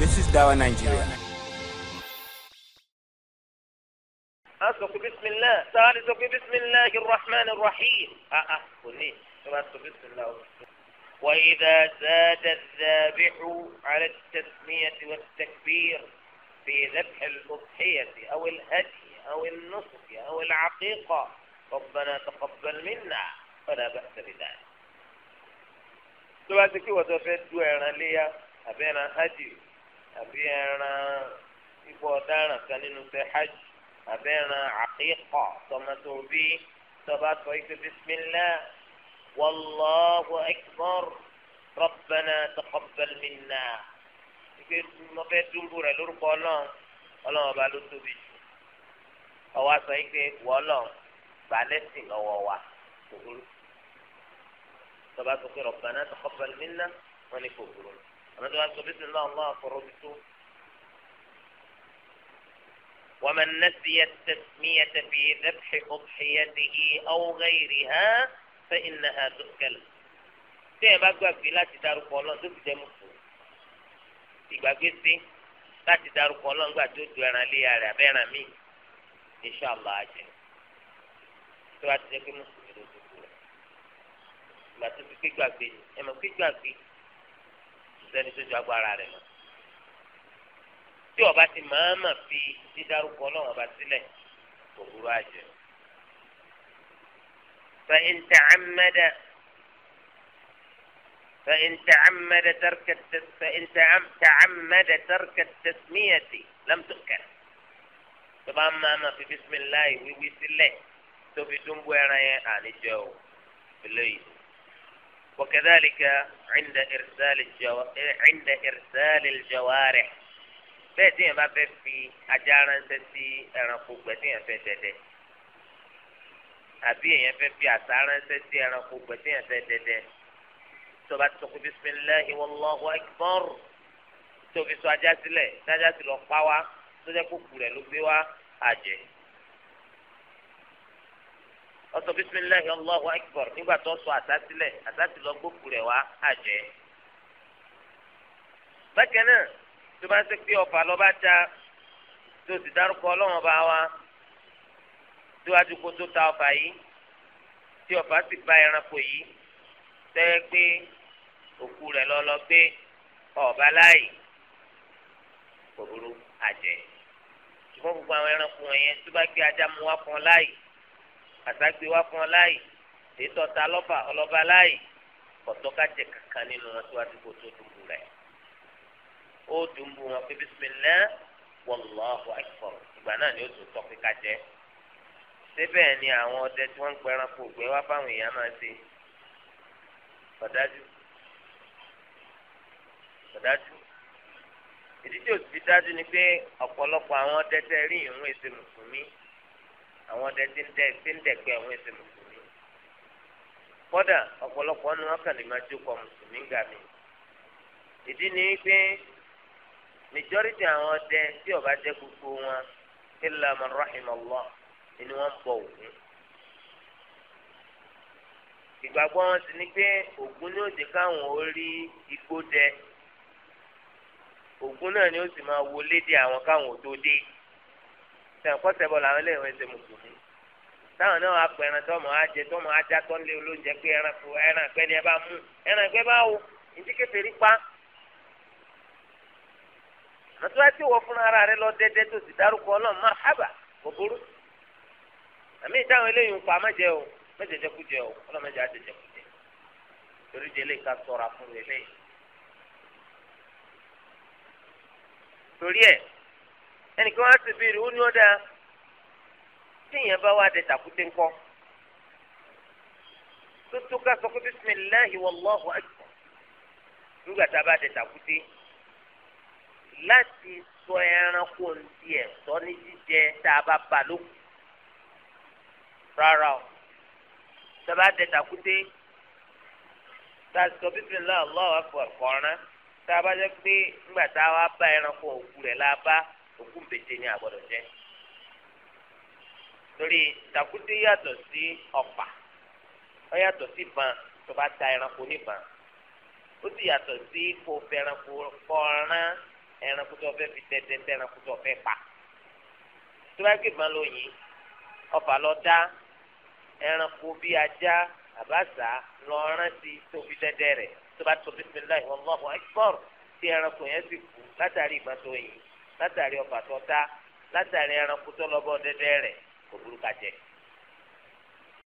This is Dawa Nigeria. أصدق بسم الله ثالث بسم الله الرحمن الرحيم أه أه بسم الله وإذا زاد الذابح على التسمية والتكبير في ذبح الأضحية أو الهدي أو النصف أو العقيقة ربنا تقبل منا فلا بأس بذلك tó bá ti kí wọ́n tó fẹ́ du ẹran àbí ẹran ibò ọ̀daràn kan nínú ṣe hajj àbí ẹran àkíkọ̀ tọmọtò bí tọba tó ike bisimilá wàlláhu akbar rabbana taqabbal minna ike mọ̀fẹ́ dúró rẹ̀ lórúkọ ọlọ́run ọlọ́run ọba ló tóbi jù ọwọ́ sọ ike wọ́ọ́lọ́ balẹ̀sìn lọ́wọ́ wa tọba tó ike rabbana taqabbal minna wọ́n kò burú lọ àmọ́tí wàá sọ bísí náà lọ́wọ́ àfọ̀rọ̀bí tó. ومن نسي التسمية في ذبح أضحيته أو غيرها فإنها تؤكل téèyàn bá gbàgbé láti darúkọ ọlọ́run tó fi jẹ́ mùsùlùmí ìgbàgbé sí láti darúkọ ọlọ́run gbà tó du ẹran léya rẹ̀ abẹ́ràn míì inṣàlá àjẹ tó bá ti jẹ́ pé mùsùlùmí ló dùn rẹ̀ ìgbà tó fi gbé gbàgbé ni ẹ mọ̀ pé gbàgbé sẹ́ni tó ju agbára rẹ̀ lọ. tí ọba ti máa mà fi dídárúkọ ọlọ́run ọba sílẹ̀ kò burú àjẹ́. فإن تعمد فإن تعمد ترك فإن تعمد ترك التسمية لم تؤكل طبعا ما ما في بسم الله ويوي سلة تبي تنبو أنا يعني جو في الليل وكذلك عند إرسال الجو... عند إرسال الجوارح bẹ́ẹ̀ tí yẹn bá fẹ́ fi ajá ránṣẹ́ sí ẹranko gbẹ tí yẹn fẹ́ dẹdẹ àbí èèyàn fẹ́ fi àṣà ránṣẹ́ sí ẹranko gbẹ tí yẹn fẹ́ dẹdẹ tó bá ti sọ pé bisimilahi wàlláhu akbar tó fi sọ ajá sílẹ̀ tájá sí lọ pa wá tó jẹ́ kó kù rẹ̀ ló gbé wá àjẹ́ ọsọ bisimilahi allahu akbar nígbà tó sọ àtàtìlẹ àtàtìlọ gbókùrẹ wá àjẹ. bákan náà tó bá ṣe pé ọfà lọ́ba ta tó ti dárúkọ ọlọ́wọ́n bá wa síwájú kó tó ta ọfà yìí tí ọfà sì bá ẹranko yìí tẹ́ pé òkú rẹ̀ lọ́lọ́ gbé ọ̀bá láàyè kòkòrò àjẹ. ṣùgbọ́n gbogbo àwọn ẹranko wọ̀nyẹn tó bá gbé ajá mu wá fún ọ láàyè àtàgbé wá fún ọ láàyè ètò ọ̀tá lọ́ba ọlọ́ba láàyè kọ̀tọ́kàjẹ kankan nínú wọn tí wàá dúpọ̀ tó dùnbù rẹ̀ ó dùnbù wọn pé bisimilá wàlláhu akbar ìgbà náà ni ó tún tọ́ pípa jẹ́ síbẹ̀ ni àwọn ọdẹ tí wọ́n ń pẹran kó gbé wá fáwọn èèyàn máa ṣe kọ̀dájú kọ̀dájú ìdí òsì dájú ni pé ọ̀pọ̀lọpọ̀ àwọn ọdẹ tẹ́ rí ìrún èsè mùsùlùmí àwọn ọdẹ tí ń dẹ tí ń dẹ̀pẹ́ àwọn ẹsẹ̀ mùsùlùmí kódà ọ̀pọ̀lọpọ̀ ni máa jókòó mùsùlùmí gà mí ìdí ni pé majority àwọn ọdẹ tí ọba jẹ gbogbo wọn illa rahim Allah ni wọ́n bọ ògún ìgbàgbọ́ wọn sì ni pé ni ó káwọn ó rí igbó dẹ ògún náà ni ó sì máa wọlé dé àwọn káwọn ò tó dé. sẹ̀kọ́sẹ̀bọ làwọn eléyìí wọ́n ṣe mùsùlùmí táwọn náà wà pẹ̀ ẹran tọ́mọ̀ ajẹ tọ́mọ̀ ajá tó ń lé olóúnjẹ pé ẹran fún ẹran ni ẹran bá ìdí kékeré pa àtúwá tí wọ́n ara rẹ lọ dẹ́dẹ́ tó ti dárúkọ má hábà kò ẹnìkan wá sí bíi rè ó ní ọ̀dà tíyẹn bá wà dé tàkúté ńkọ́ tó tó ká sọ pé bisimilahi wàlláhu akbar nígbà tá a bá dé tàkúté láti sọ ẹranko ti ẹ̀ sọ ní jíjẹ tá a bá bà ló rárá o tá a bá dé tàkúté tá a sọ bisimilahi wàlláhu akbar kọ̀ọ̀rán tá a bá jẹ́ pé nígbà tá a wá bá ẹranko òkú rẹ̀ la bá òkú pété ní àgbọ̀dọ̀ jẹ́ torí tàkúté yàtọ̀ sí ọ̀pá ó yàtọ̀ sí ban tó bá ta ẹranko níbàn ó sì yàtọ̀ sí kó fẹ́ ẹranko kọ́ran ẹranko tó fẹ́ fi tẹ́tẹ́ tẹ́ ẹranko tó fẹ́ pa tó bá gbé ban lóyìn ọ̀pá lọ dá ẹranko bíi ajá àbáṣà lọ rántí tó fi tẹ́tẹ́ rẹ̀ tó bá tó bísí láì wọ́n lọ́wọ́ ẹ̀kọ́ tí ẹranko yẹn sì kú látàrí ìgbà tó yìn látàrí ọbàtọ dá látàrí ẹranko tó lọ bọ dẹdẹ kò burú ká